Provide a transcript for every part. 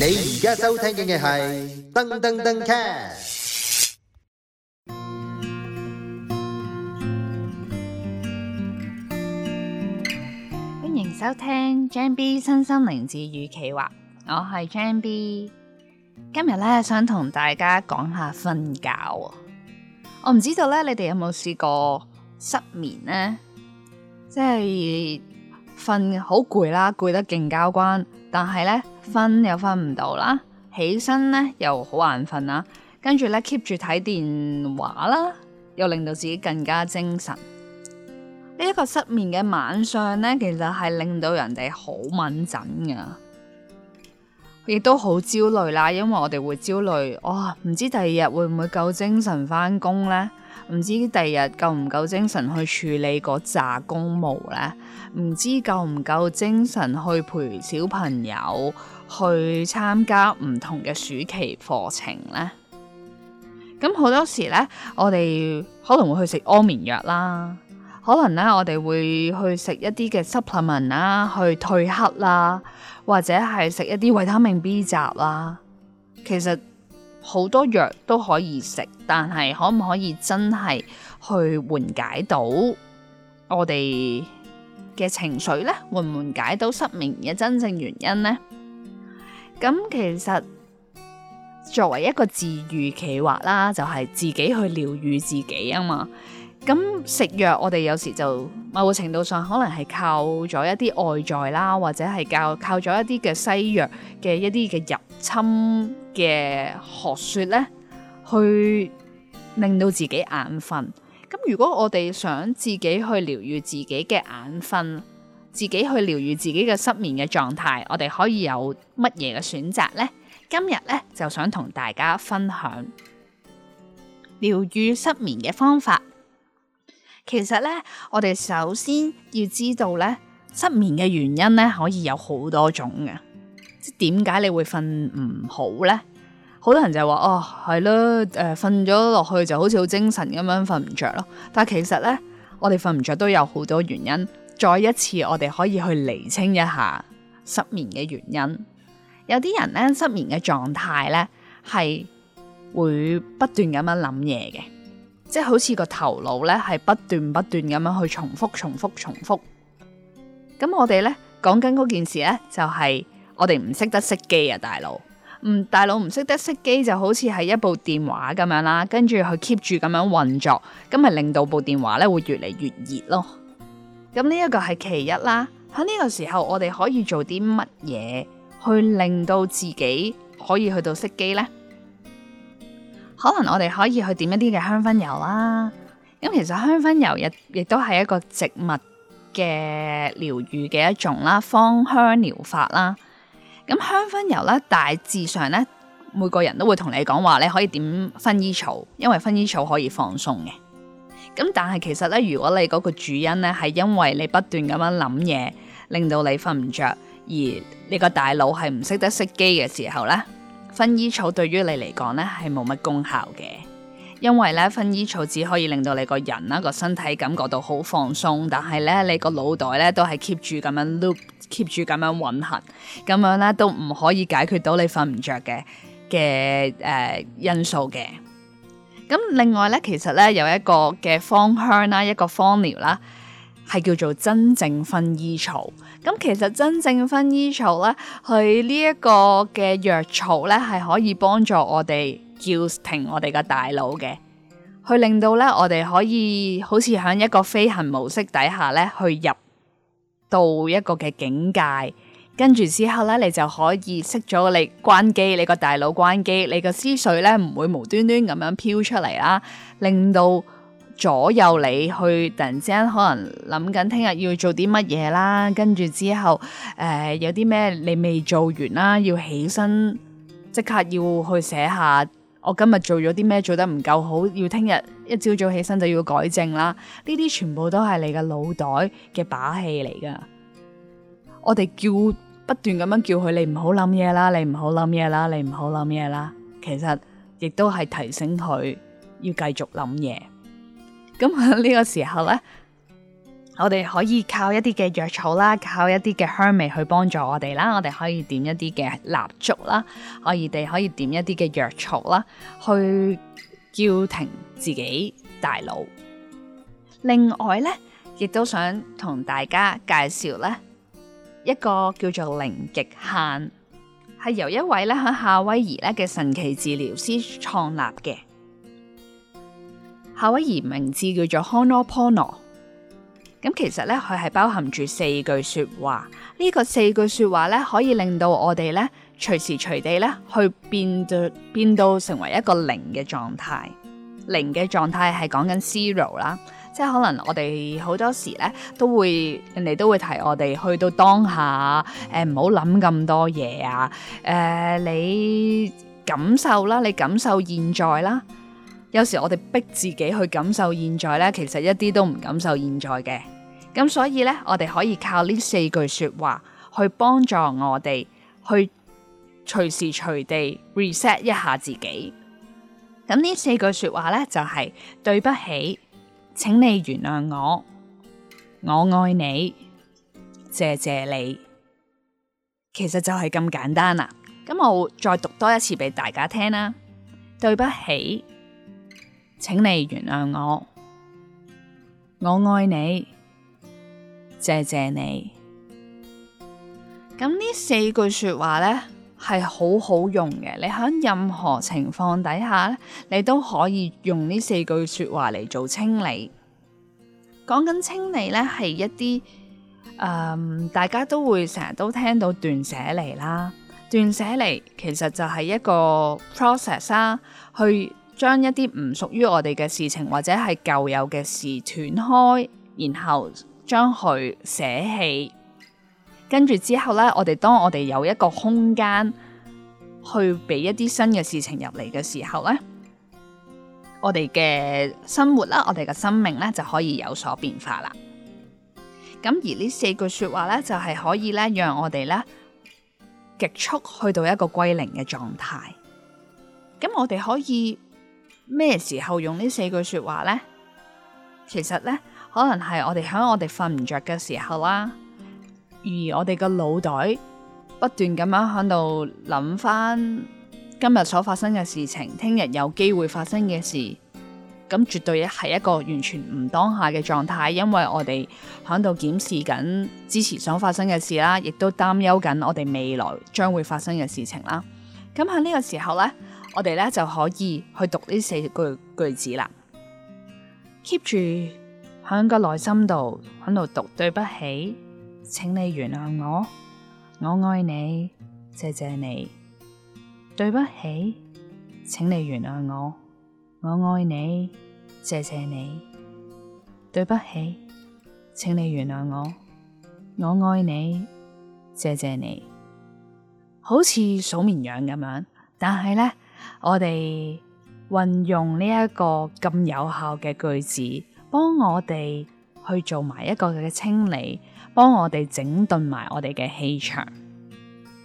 你而家收聽嘅係噔噔噔卡，歡迎收聽 Jam B 身心靈字語企劃，我係 Jam B。今日咧想同大家講下瞓覺。我唔知道咧，你哋有冇試過失眠咧？即係瞓好攰啦，攰得勁交關。但係咧，瞓又瞓唔到啦，起身咧又好眼瞓啦，跟住咧 keep 住睇電話啦，又令到自己更加精神。呢、這、一個失眠嘅晚上咧，其實係令到人哋好敏感噶，亦都好焦慮啦，因為我哋會焦慮，哦，唔知第二日會唔會夠精神翻工咧。唔知第日夠唔夠精神去處理嗰紮公務呢？唔知夠唔夠精神去陪小朋友去參加唔同嘅暑期課程呢？咁好多時呢，我哋可能會去食安眠藥啦，可能咧我哋會去食一啲嘅 supplement 啦，去褪黑啦，或者係食一啲維他命 B 雜啦。其實。好多藥都可以食，但係可唔可以真係去緩解到我哋嘅情緒呢？緩唔緩解到失眠嘅真正原因呢？咁其實作為一個自愈企劃啦，就係自己去療愈自己啊嘛。咁食藥，我哋有時就某個程度上可能係靠咗一啲外在啦，或者係靠靠咗一啲嘅西藥嘅一啲嘅藥。侵嘅學説咧，去令到自己眼瞓。咁如果我哋想自己去療愈自己嘅眼瞓，自己去療愈自己嘅失眠嘅狀態，我哋可以有乜嘢嘅選擇呢？今日咧就想同大家分享療愈失眠嘅方法。其實咧，我哋首先要知道咧，失眠嘅原因咧可以有好多種嘅。即係點解你會瞓唔好呢？好多人就係話，哦係咯，誒瞓咗落去就好似好精神咁樣瞓唔着咯。但係其實呢，我哋瞓唔着都有好多原因。再一次，我哋可以去厘清一下失眠嘅原因。有啲人呢，失眠嘅狀態呢係會不斷咁樣諗嘢嘅，即係好似個頭腦呢係不斷不斷咁樣去重複、重複、重複。咁我哋呢，講緊嗰件事呢，就係、是。我哋唔識得熄機啊，大佬！唔，大佬唔識得熄機就好似係一部電話咁樣啦，跟住佢 keep 住咁樣運作，咁咪令到部電話咧會越嚟越熱咯。咁呢一個係其一啦。喺呢個時候，我哋可以做啲乜嘢去令到自己可以去到熄機呢？可能我哋可以去點一啲嘅香薰油啦。咁、嗯、其實香薰油亦亦都係一個植物嘅療愈嘅一種啦，芳香療法啦。咁香薰油咧，大致上咧，每個人都會同你講話你可以點薰衣草，因為薰衣草可以放鬆嘅。咁但係其實咧，如果你嗰個主因咧係因為你不斷咁樣諗嘢，令到你瞓唔着，而你個大腦係唔識得熄機嘅時候咧，薰衣草對於你嚟講咧係冇乜功效嘅。因為咧，薰衣草只可以令到你個人啦，個身體感覺到好放鬆，但係咧你個腦袋咧都係 keep 住咁樣 look，keep 住咁樣運行，咁樣咧都唔可以解決到你瞓唔着嘅嘅誒因素嘅。咁另外咧，其實咧有一個嘅芳香啦，一個芳療啦，係叫做真正薰衣草。咁其實真正薰衣草咧，佢呢一個嘅藥草咧係可以幫助我哋。叫停我哋個大腦嘅，去令到咧我哋可以好似喺一個飛行模式底下咧去入到一個嘅境界，跟住之後咧你就可以熄咗你關機，你個大腦關機，你個思緒咧唔會無端端咁樣飄出嚟啦，令到左右你去突然之間可能諗緊聽日要做啲乜嘢啦，跟住之後誒、呃、有啲咩你未做完啦，要起身即刻要去寫下。我今日做咗啲咩做得唔夠好，要聽日一朝早起身就要改正啦。呢啲全部都係你嘅腦袋嘅把戲嚟㗎。我哋叫不斷咁樣叫佢，你唔好諗嘢啦，你唔好諗嘢啦，你唔好諗嘢啦。其實亦都係提醒佢要繼續諗嘢。咁喺呢個時候咧。我哋可以靠一啲嘅藥草啦，靠一啲嘅香味去幫助我哋啦。我哋可以點一啲嘅蠟燭啦，我哋可以點一啲嘅藥草啦，去叫停自己大腦。另外呢，亦都想同大家介紹呢一個叫做零極限，係由一位咧喺夏威夷咧嘅神奇治療師創立嘅。夏威夷名字叫做 Ho'oponopono。咁其實咧，佢係包含住四句説話。呢個四句説話咧，可以令到我哋咧隨時隨地咧去變到變到成為一個零嘅狀態。零嘅狀態係講緊 zero 啦，即係可能我哋好多時咧都會人哋都會提我哋去到當下，誒唔好諗咁多嘢啊，誒你感受啦，你感受現在啦。有時我哋逼自己去感受現在咧，其實一啲都唔感受現在嘅。咁所以咧，我哋可以靠呢四句說話去幫助我哋去隨時隨地 reset 一下自己。咁呢四句說話咧就係對不起，請你原諒我，我愛你，謝謝你。其實就係咁簡單啦。咁我再讀多一次俾大家聽啦。對不起。請你原諒我，我愛你，謝謝你。咁呢四句說話呢係好好用嘅，你喺任何情況底下咧，你都可以用呢四句說話嚟做清理。講緊清理呢係一啲、呃、大家都會成日都聽到斷捨離啦，斷捨離其實就係一個 process 啦、啊，去。將一啲唔屬於我哋嘅事情或者係舊有嘅事斷開，然後將佢捨棄，跟住之後呢，我哋當我哋有一個空間去俾一啲新嘅事情入嚟嘅時候呢，我哋嘅生活啦、我哋嘅生命呢，就可以有所變化啦。咁而呢四句說話呢，就係可以呢，讓我哋呢極速去到一個歸零嘅狀態。咁我哋可以。咩時候用呢四句說話呢？其實呢，可能係我哋響我哋瞓唔着嘅時候啦，而我哋個腦袋不斷咁樣響度諗翻今日所發生嘅事情，聽日有機會發生嘅事，咁絕對係一個完全唔當下嘅狀態，因為我哋響度檢視緊之前所發生嘅事啦，亦都擔憂緊我哋未來將會發生嘅事情啦。咁喺呢個時候呢。我哋咧就可以去讀呢四句句子啦，Keep 住響個內心度響度讀。對不起，請你原諒我，我愛你，謝謝你。對不起，請你原諒我，我愛你，謝謝你。對不起，請你原諒我，我愛你，謝謝你。好似數綿羊咁樣，但係咧。我哋運用呢一個咁有效嘅句子，幫我哋去做埋一個嘅清理，幫我哋整頓埋我哋嘅氣場。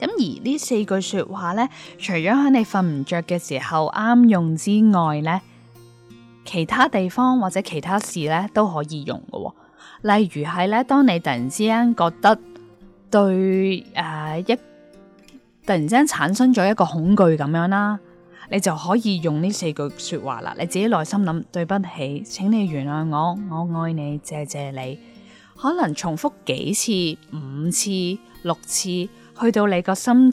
咁、嗯、而呢四句說話呢，除咗喺你瞓唔着嘅時候啱用之外呢，其他地方或者其他事呢都可以用嘅，哦。例如係呢，當你突然之間覺得對誒、呃、一突然之間產生咗一個恐懼咁樣啦。你就可以用呢四句說話啦。你自己內心諗，對不起，請你原諒我，我愛你，謝謝你。可能重複幾次、五次、六次，去到你個心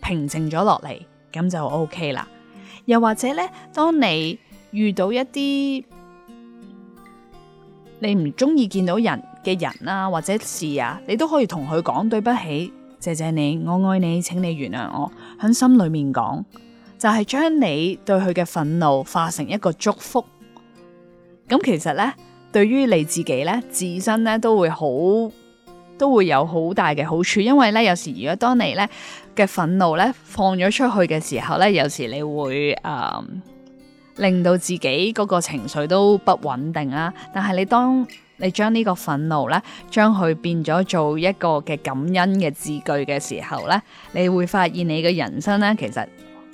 平靜咗落嚟，咁就 OK 啦。又或者咧，當你遇到一啲你唔中意見到人嘅人啊，或者事啊，你都可以同佢講，對不起，謝謝你，我愛你，請你原諒我，喺心裏面講。就係將你對佢嘅憤怒化成一個祝福，咁其實咧，對於你自己咧，自身咧都會好都會有好大嘅好處，因為咧有時如果當你咧嘅憤怒咧放咗出去嘅時候咧，有時你會誒、呃、令到自己嗰個情緒都不穩定啦、啊。但係你當你將呢個憤怒咧，將佢變咗做一個嘅感恩嘅字句嘅時候咧，你會發現你嘅人生咧，其實。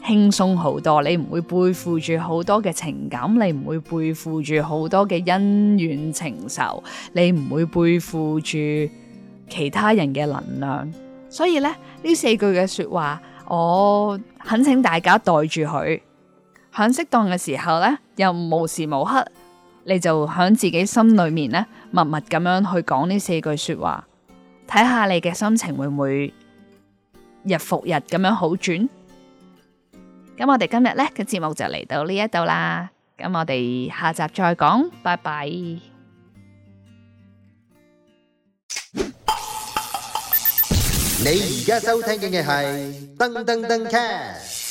輕鬆好多，你唔會背負住好多嘅情感，你唔會背負住好多嘅恩怨情仇，你唔會背負住其他人嘅能量。所以咧，呢四句嘅說話，我懇請大家代住佢，喺適當嘅時候咧，又無時無刻，你就喺自己心裏面咧，默默咁樣去講呢四句說話，睇下你嘅心情會唔會日復日咁樣好轉。咁我哋今日咧嘅節目就嚟到呢一度啦，咁我哋下集再講，拜拜。你而家收聽緊嘅係噔噔噔 cast。